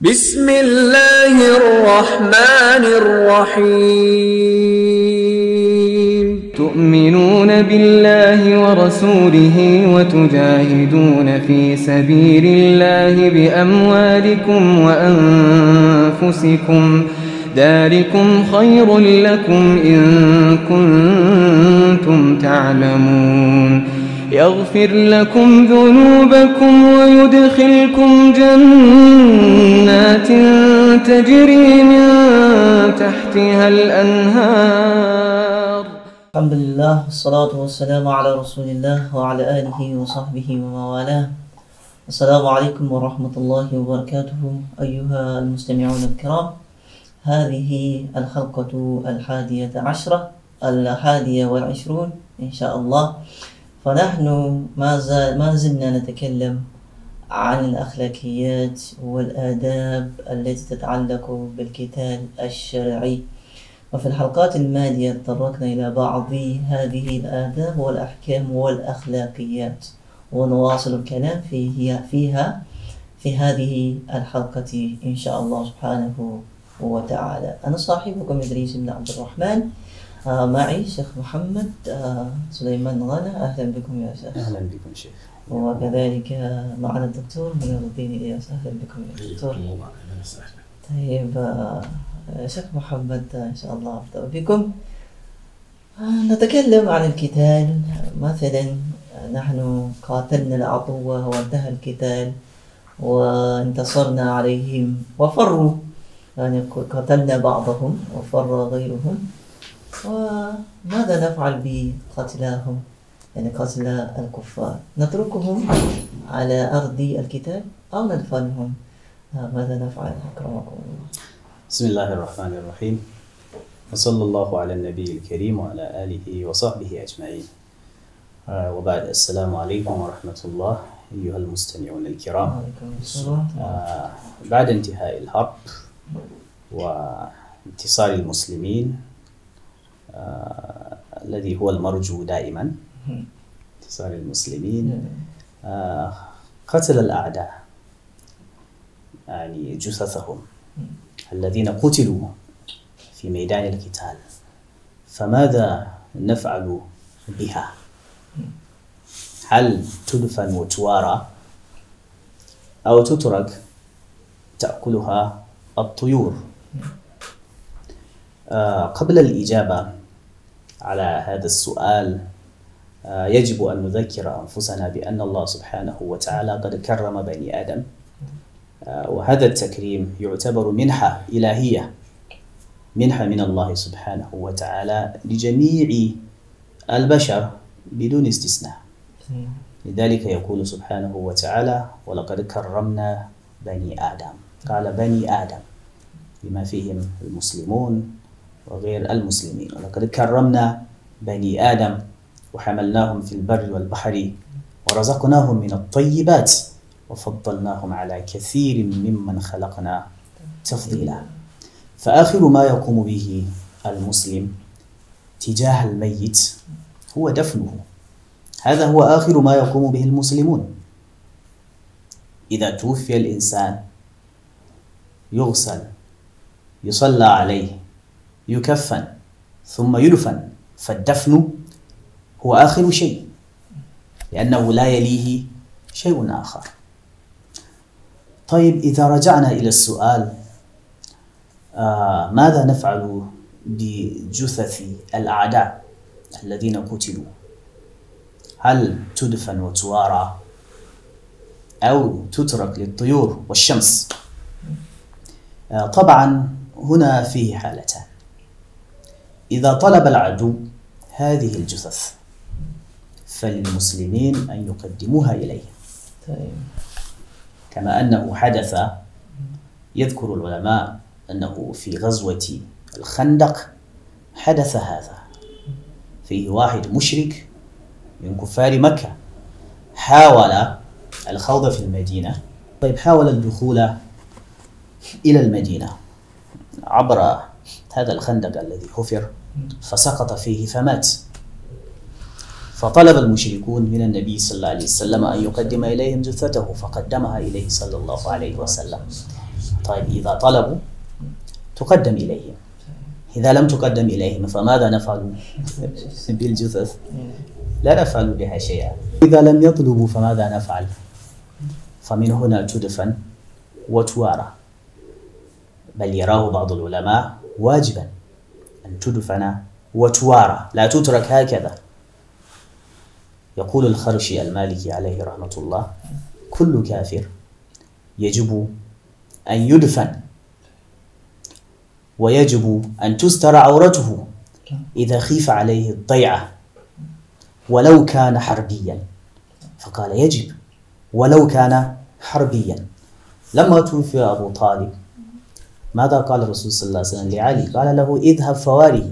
بسم الله الرحمن الرحيم تؤمنون بالله ورسوله وتجاهدون في سبيل الله بأموالكم وأنفسكم ذلكم خير لكم إن كنتم تعلمون يغفر لكم ذنوبكم ويدخلكم جنات تجري من تحتها الأنهار الحمد لله والصلاة والسلام على رسول الله وعلى آله وصحبه وموالاه السلام عليكم ورحمة الله وبركاته أيها المستمعون الكرام هذه الحلقة الحادية عشرة الحادية والعشرون إن شاء الله فنحن ما, زال ما زلنا نتكلم عن الأخلاقيات والآداب التي تتعلق بالقتال الشرعي وفي الحلقات الماضية تطرقنا إلى بعض هذه الآداب والأحكام والأخلاقيات ونواصل الكلام فيها, فيها في هذه الحلقة إن شاء الله سبحانه وتعالى أنا صاحبكم إدريس بن عبد الرحمن آه، معي شيخ محمد آه، سليمان غنى أهلا بكم يا شيخ أهلا بكم شيخ وكذلك معنا الدكتور منير الدين إلياس أهلا بكم يا دكتور أهلا وسهلا طيب آه، شيخ محمد إن شاء الله أبدأ بكم نتكلم عن القتال مثلا نحن قاتلنا العدو وانتهى القتال وانتصرنا عليهم وفروا يعني قتلنا بعضهم وفر غيرهم وماذا نفعل بقتلاهم يعني قتلى الكفار نتركهم على أرض الكتاب أو ندفنهم آه، ماذا نفعل أكرمكم الله بسم الله الرحمن الرحيم وصلى الله على النبي الكريم وعلى آله وصحبه أجمعين آه، وبعد السلام عليكم ورحمة الله أيها المستمعون الكرام آه، بعد انتهاء الحرب وانتصار المسلمين آه، الذي هو المرجو دائما انتصار المسلمين آه، قتل الأعداء يعني جثثهم الذين قتلوا في ميدان القتال فماذا نفعل بها هل تدفن وتوارى أو تترك تأكلها الطيور آه قبل الإجابة على هذا السؤال آه، يجب أن نذكر أنفسنا بأن الله سبحانه وتعالى قد كرم بني آدم آه، وهذا التكريم يعتبر منحة إلهية منحة من الله سبحانه وتعالى لجميع البشر بدون استثناء لذلك يقول سبحانه وتعالى ولقد كرمنا بني آدم قال بني آدم بما فيهم المسلمون وغير المسلمين ولقد كرمنا بني آدم وحملناهم في البر والبحر ورزقناهم من الطيبات وفضلناهم على كثير ممن خلقنا تفضيلا فآخر ما يقوم به المسلم تجاه الميت هو دفنه هذا هو آخر ما يقوم به المسلمون إذا توفي الإنسان يغسل يصلى عليه يكفن ثم يدفن فالدفن هو آخر شيء لأنه لا يليه شيء آخر طيب إذا رجعنا إلى السؤال آه ماذا نفعل بجثث الأعداء الذين قتلوا هل تدفن وتوارى أو تترك للطيور والشمس آه طبعا هنا فيه حالتان إذا طلب العدو هذه الجثث فللمسلمين أن يقدموها إليه طيب. كما أنه حدث يذكر العلماء أنه في غزوة الخندق حدث هذا فيه واحد مشرك من كفار مكة حاول الخوض في المدينة طيب حاول الدخول إلى المدينة عبر هذا الخندق الذي حفر فسقط فيه فمات فطلب المشركون من النبي صلى الله عليه وسلم أن يقدم إليهم جثته فقدمها إليه صلى الله عليه وسلم طيب إذا طلبوا تقدم إليهم إذا لم تقدم إليهم فماذا نفعل بالجثث لا نفعل بها شيئا إذا لم يطلبوا فماذا نفعل فمن هنا تدفن وتوارى بل يراه بعض العلماء واجبا أن تدفن وتوارى لا تترك هكذا يقول الخرشي المالكي عليه رحمة الله كل كافر يجب أن يدفن ويجب أن تستر عورته إذا خيف عليه الضيعة ولو كان حربيا فقال يجب ولو كان حربيا لما توفي أبو طالب ماذا قال الرسول صلى الله عليه وسلم لعلي قال له اذهب فواري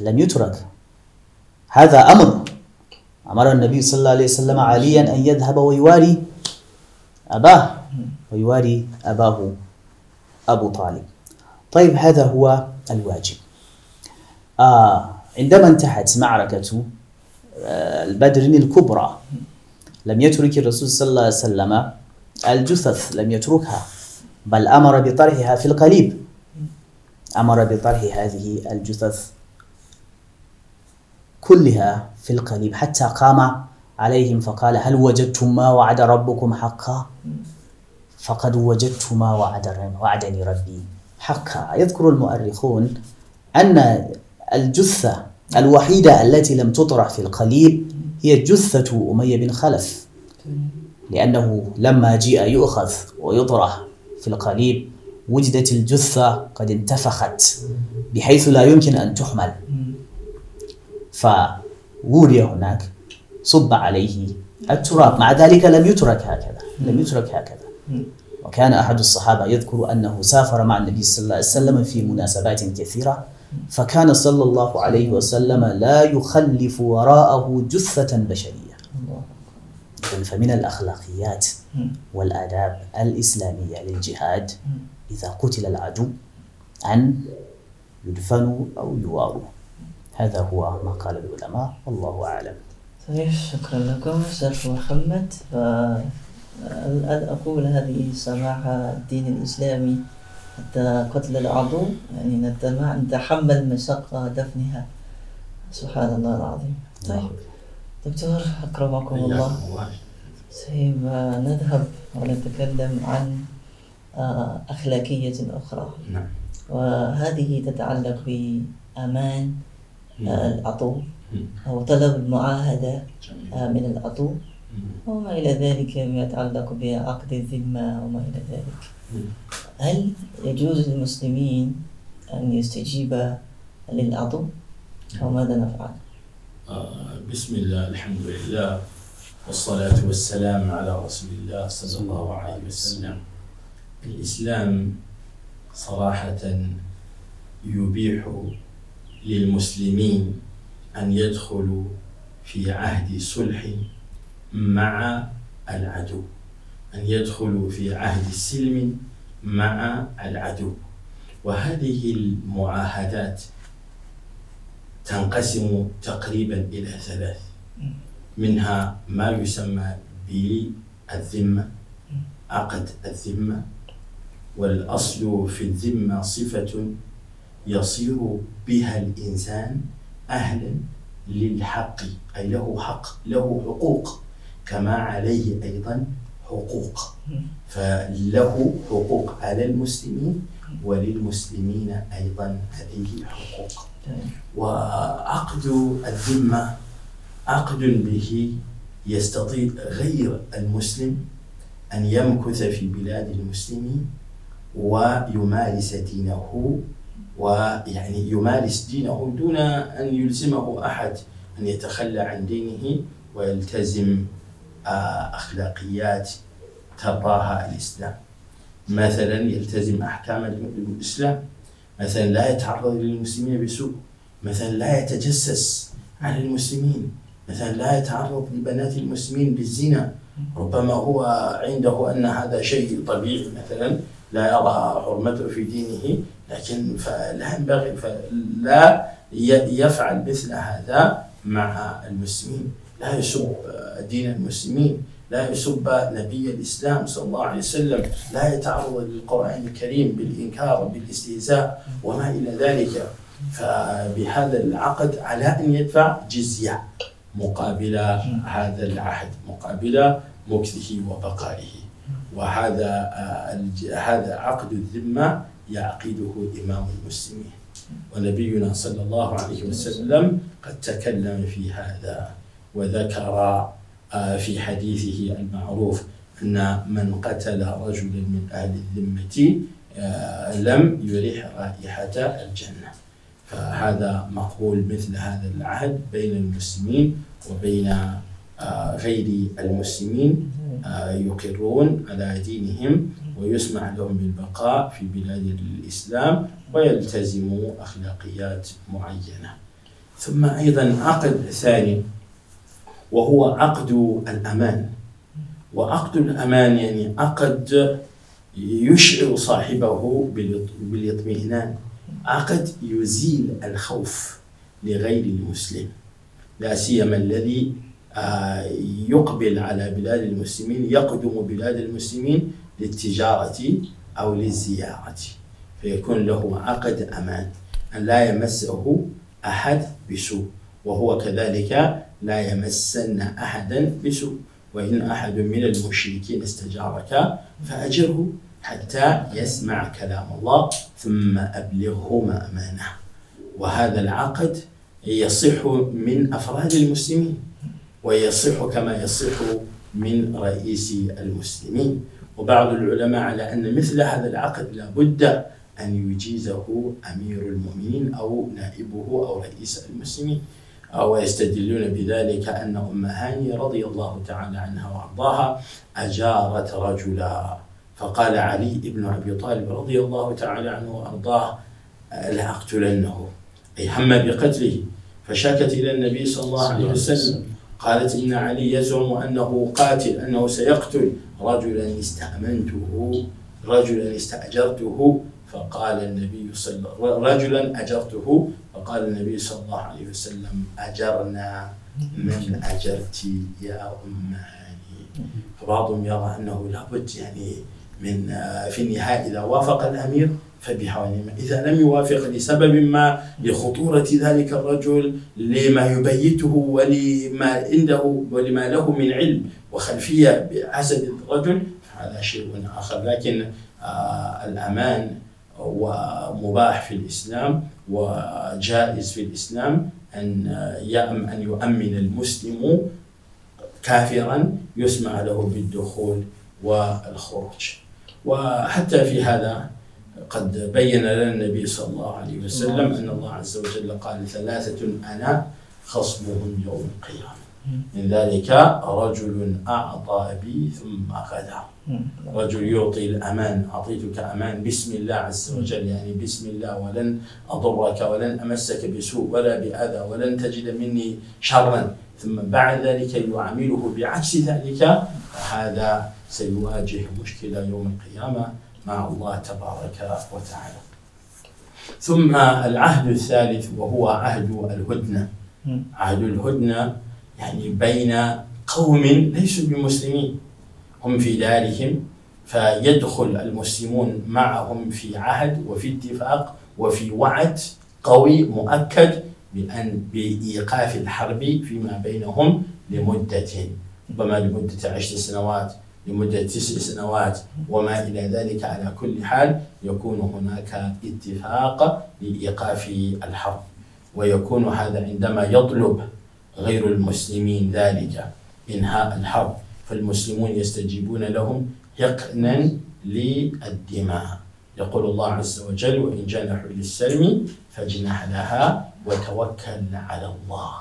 لن يترك هذا أمر أمر النبي صلى الله عليه وسلم عليا أن يذهب ويواري أباه ويواري أباه أبو طالب طيب هذا هو الواجب آه عندما انتهت معركة آه، البدر الكبرى لم يترك الرسول صلى الله عليه وسلم الجثث لم يتركها بل أمر بطرحها في القليب أمر بطرح هذه الجثث كلها في القليب حتى قام عليهم فقال هل وجدتم ما وعد ربكم حقا فقد وجدت ما وعد وعدني ربي حقا يذكر المؤرخون أن الجثة الوحيدة التي لم تطرح في القليب هي جثة أمية بن خلف لأنه لما جيء يؤخذ ويطرح في القليب وجدت الجثة قد انتفخت بحيث لا يمكن أن تحمل فوري هناك صب عليه التراب مع ذلك لم يترك هكذا لم يترك هكذا وكان أحد الصحابة يذكر أنه سافر مع النبي صلى الله عليه وسلم في مناسبات كثيرة فكان صلى الله عليه وسلم لا يخلف وراءه جثة بشرية فمن الأخلاقيات والآداب الإسلامية للجهاد إذا قتل العدو أن يدفنوا أو يواروا هذا هو ما قال العلماء والله أعلم طيب شكرا لكم أستاذ محمد الآن أقول هذه صراحة الدين الإسلامي حتى قتل العدو يعني نتحمل مشقة دفنها سبحان الله العظيم طيب نعم. دكتور أكرمكم الله طيب آه، نذهب ونتكلم عن آه، أخلاقية أخرى نعم. وهذه تتعلق بأمان آه، العطو أو طلب المعاهدة من العطو وما إلى ذلك ما يتعلق بعقد الذمة وما إلى ذلك هل يجوز للمسلمين أن يستجيب للعطو أو ماذا نفعل؟ بسم الله الحمد لله والصلاة والسلام على رسول الله صلى الله عليه وسلم الإسلام صراحة يبيح للمسلمين أن يدخلوا في عهد صلح مع العدو أن يدخلوا في عهد السلم مع العدو وهذه المعاهدات تنقسم تقريبا إلى ثلاث منها ما يسمى بالذمة عقد الذمة والأصل في الذمة صفة يصير بها الإنسان أهلا للحق أي له حق له حقوق كما عليه أيضا حقوق فله حقوق على المسلمين وللمسلمين أيضا عليه حقوق وعقد الذمة عقد به يستطيع غير المسلم أن يمكث في بلاد المسلمين ويمارس دينه ويعني يمارس دينه دون أن يلزمه أحد أن يتخلى عن دينه ويلتزم آه، أخلاقيات ترضاها الإسلام مثلا يلتزم أحكام الإسلام مثلا لا يتعرض للمسلمين بسوء مثلا لا يتجسس على المسلمين مثلا لا يتعرض البنات المسلمين بالزنا ربما هو عنده ان هذا شيء طبيعي مثلا لا يرى حرمته في دينه لكن فلا ينبغي فلا يفعل مثل هذا مع المسلمين لا يسب دين المسلمين لا يسب نبي الاسلام صلى الله عليه وسلم لا يتعرض للقران الكريم بالانكار بالاستهزاء وما الى ذلك فبهذا العقد على ان يدفع جزيه مقابل هذا العهد مقابل مكثه وبقائه وهذا آه، هذا عقد الذمه يعقده امام المسلمين ونبينا صلى الله عليه وسلم قد تكلم في هذا وذكر آه، في حديثه المعروف ان من قتل رجلا من اهل الذمه آه، لم يرح رائحه الجنه هذا مقبول مثل هذا العهد بين المسلمين وبين آه، غير المسلمين آه، يقرون على دينهم ويسمح لهم بالبقاء في بلاد الإسلام ويلتزموا أخلاقيات معينة ثم أيضا عقد ثاني وهو عقد الأمان وعقد الأمان يعني عقد يشعر صاحبه بالاطمئنان عقد يزيل الخوف لغير المسلم لا سيما الذي آه، يقبل على بلاد المسلمين يقدم بلاد المسلمين للتجارة أو للزيارة فيكون له عقد أمان أن لا يمسه أحد بسوء وهو كذلك لا يمسن أحدا بسوء وإن أحد من المشركين استجارك فأجره حتى يسمع كلام الله ثم أبلغهما أمانة وهذا العقد يصح من أفراد المسلمين ويصح كما يصح من رئيس المسلمين وبعض العلماء على أن مثل هذا العقد لابد أن يجيزه أمير المؤمنين أو نائبه أو رئيس المسلمين ويستدلون بذلك أن أم هاني رضي الله تعالى عنها وأرضاها أجارت رجلا فقال علي بن أبي طالب رضي الله تعالى عنه وأرضاه لأقتلنه أي هم بقتله فشكت إلى النبي صلى الله عليه وسلم قالت إن علي يزعم أنه قاتل أنه سيقتل رجلا استأمنته رجلا استأجرته فقال النبي صلى رجلا أجرته فقال النبي صلى الله عليه وسلم أجرنا من أجرت يا أم هاني فبعضهم يرى أنه لابد يعني من آه، في النهاية إذا وافق الأمير فبها ونعم إذا لم يوافق لسبب ما لخطورة ذلك الرجل لما يبيته ولما عنده ولما له من علم وخلفية بحسد الرجل هذا شيء آخر لكن آه الأمان ومباح في الإسلام وجائز في الإسلام أن آه، يأم أن يؤمن المسلم كافرا يسمع له بالدخول والخروج وحتى في هذا قد بين لنا النبي صلى الله عليه وسلم نعم. أن الله عز وجل قال ثلاثة أنا خصمهم يوم القيامة من ذلك رجل أعطى بي ثم غدا نعم. رجل يعطي الأمان أعطيتك أمان بسم الله عز وجل يعني بسم الله ولن أضرك ولن أمسك بسوء ولا بأذى ولن تجد مني شرا ثم بعد ذلك يعامله بعكس ذلك فهذا سيواجه مشكلة يوم القيامة مع الله تبارك وتعالى ثم العهد الثالث وهو عهد الهدنة عهد الهدنة يعني بين قوم ليسوا بمسلمين هم في دارهم فيدخل المسلمون معهم في عهد وفي اتفاق وفي وعد قوي مؤكد بأن بإيقاف الحرب فيما بينهم لمدة ربما لمدة عشر سنوات لمدة تسع سنوات وما إلى ذلك على كل حال يكون هناك اتفاق لإيقاف الحرب ويكون هذا عندما يطلب غير المسلمين ذلك إنهاء الحرب فالمسلمون يستجيبون لهم حقنا للدماء يقول الله عز وجل وإن جنحوا للسلم فاجنح لها وتوكل على الله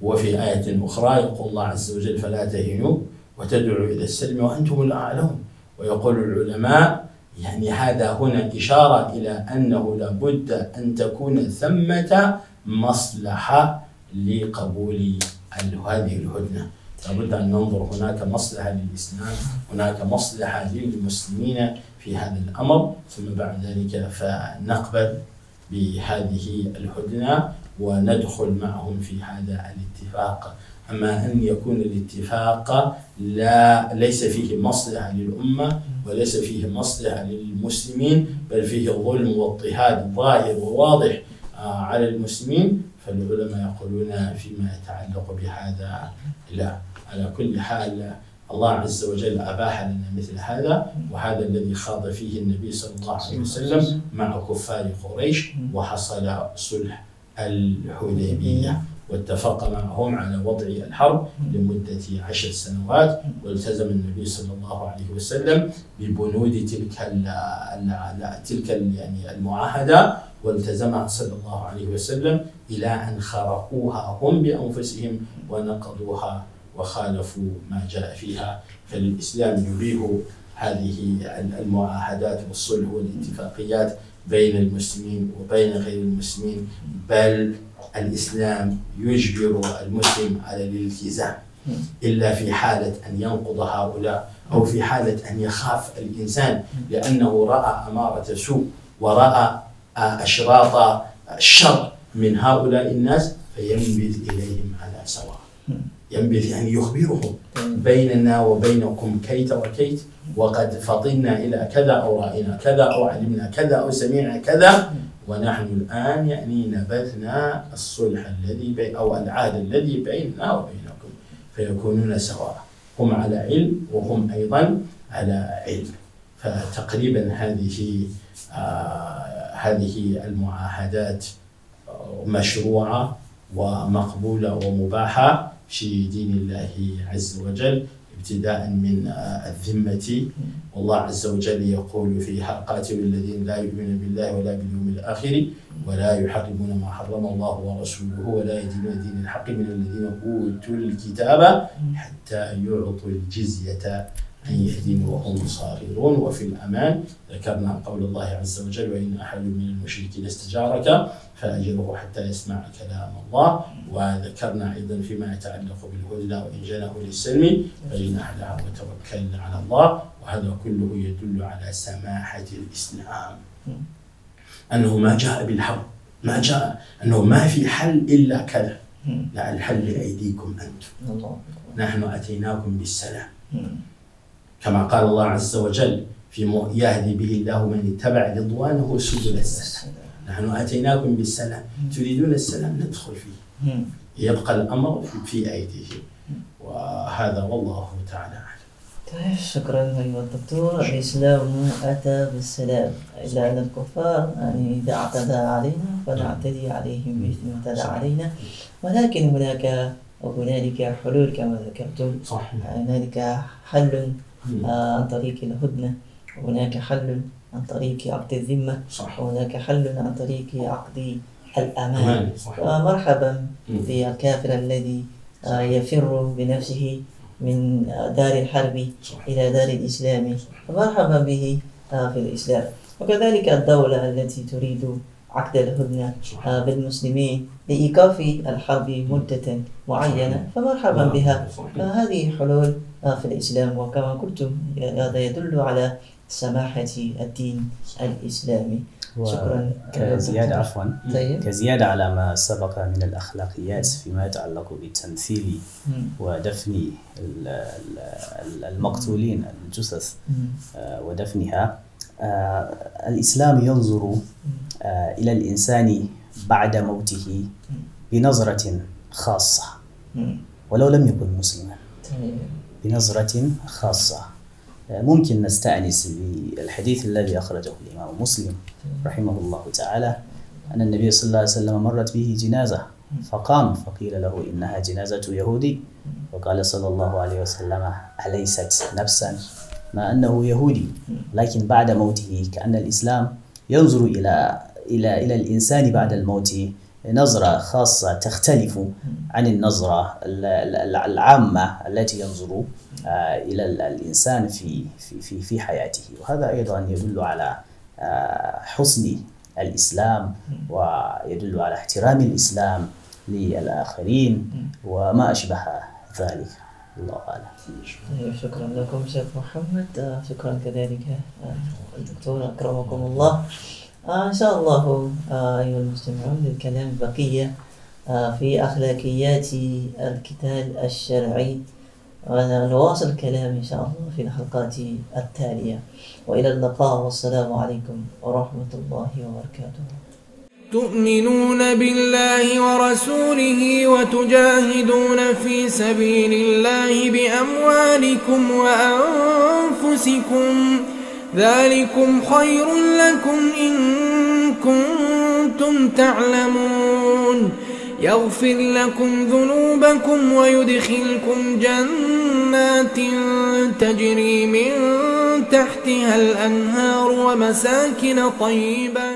وفي آية أخرى يقول الله عز وجل فلا تهنوا وتدعو إلى السلم وأنتم الأعلون ويقول العلماء يعني هذا هنا إشارة إلى أنه لابد أن تكون ثمة مصلحة لقبول هذه الهدنة لابد أن ننظر هناك مصلحة للإسلام هناك مصلحة للمسلمين في هذا الأمر ثم بعد ذلك فنقبل بهذه الهدنة وندخل معهم في هذا الاتفاق أما أن يكون الاتفاق لا ليس فيه مصلحة للأمة وليس فيه مصلحة للمسلمين بل فيه ظلم واضطهاد ظاهر وواضح آه، على المسلمين فالعلماء يقولون فيما يتعلق بهذا لا على كل حال الله عز وجل أباح لنا مثل هذا وهذا الذي خاض فيه النبي صلى الله عليه وسلم مع كفار قريش وحصل صلح الحديبية واتفق معهم على وضع الحرب لمدة عشر سنوات والتزم النبي صلى الله عليه وسلم ببنود تلك تلك يعني المعاهدة والتزمها صلى الله عليه وسلم إلى أن خرقوها هم بأنفسهم ونقضوها وخالفوا ما جاء فيها فالإسلام يبيح هذه المعاهدات والصلح والاتفاقيات بين المسلمين وبين غير المسلمين بل الإسلام يجبر المسلم على الالتزام إلا في حالة أن ينقض هؤلاء أو في حالة أن يخاف الإنسان لأنه رأى أمارة سوء ورأى أشراط الشر من هؤلاء الناس فينبذ إليهم على سواء ينبذ يعني يخبرهم بيننا وبينكم كيت وكيت وقد فطنا إلى كذا أو رأينا كذا أو علمنا كذا أو سمعنا كذا ونحن الآن يعني نبذنا الصلح الذي بي أو العهد الذي بيننا وبينكم فيكونون سواء هم على علم وهم أيضا على علم فتقريبا هذه آه هذه المعاهدات مشروعة ومقبولة ومباحة في دين الله عز وجل ابتداء من آه، الذمة والله عز وجل يقول في قاتل الذين لا يؤمنون بالله ولا باليوم الآخر ولا يحرمون ما حرم الله ورسوله ولا يدينون دين الحق من الذين أوتوا الكتاب حتى يعطوا الجزية أن يهدموا وهم صاغرون وفي الأمان ذكرنا قول الله عز وجل وإن أحد من المشركين استجارك فأجره حتى يسمع كلام الله وذكرنا أيضا فيما يتعلق بالهدى وإن جنه للسلم فإن فجنحلها وتوكل على الله وهذا كله يدل على سماحة الإسلام أنه ما جاء بالحق ما جاء أنه ما في حل إلا كذا لا الحل بأيديكم أنتم نعم. نحن أتيناكم بالسلام كما قال الله عز وجل في يهدي به الله من اتبع رضوانه سبل السلام نحن اتيناكم بالسلام تريدون السلام ندخل فيه يبقى الامر في ايديه وهذا والله تعالى اعلم. طيب، شكرا ايها الدكتور الاسلام اتى بالسلام الا ان الكفار يعني اذا اعتدى علينا فنعتدي عليهم مثل ما اعتدى علينا ولكن هناك وهنالك حلول كما ذكرتم صحيح. هنالك حل آه، عن طريق الهدنه هناك حل عن طريق عقد الذمه صح. وهناك حل عن طريق عقد الامان آه، مرحبا بالكافر الذي آه، يفر بنفسه من دار الحرب الى دار الاسلام مرحبا به في الاسلام وكذلك الدوله التي تريد عقد الهدنة آه، بالمسلمين لإيقاف الحرب مدة معينة فمرحبا نعم. بها هذه حلول آه، في الإسلام وكما قلت هذا يدل على سماحة الدين الإسلامي شكرا كزيادة عفوا طيب. كزيادة على ما سبق من الأخلاقيات فيما يتعلق بتمثيل ودفن المقتولين الجثث آه، ودفنها آه، الإسلام ينظر آه، إلى الإنسان بعد موته بنظرة خاصة ولو لم يكن مسلما بنظرة خاصة آه، ممكن نستأنس بالحديث الذي أخرجه الإمام مسلم رحمه الله تعالى أن النبي صلى الله عليه وسلم مرت به جنازة فقام فقيل له إنها جنازة يهودي وقال صلى الله عليه وسلم أليست نفسا مع أنه يهودي لكن بعد موته كأن الإسلام ينظر إلى إلى إلى الإنسان بعد الموت نظرة خاصة تختلف عن النظرة العامة التي ينظر آه، إلى الإنسان في في في حياته وهذا أيضا يدل على آه، حسن الإسلام ويدل على احترام الإسلام للآخرين وما أشبه ذلك الله أعلم أيوة، شكرا لكم شيخ محمد آه، شكرا كذلك آه، الدكتور أكرمكم الله آه، إن شاء الله أيها المستمعون للكلام بقية في أخلاقيات القتال الشرعي نواصل الكلام إن شاء الله في الحلقات التالية وإلى اللقاء والسلام عليكم ورحمة الله وبركاته تؤمنون بالله ورسوله وتجاهدون في سبيل الله بأموالكم وأنفسكم ذلكم خير لكم إن كنتم تعلمون يغفر لكم ذنوبكم ويدخلكم جنات تجري من تحتها الأنهار ومساكن طيبة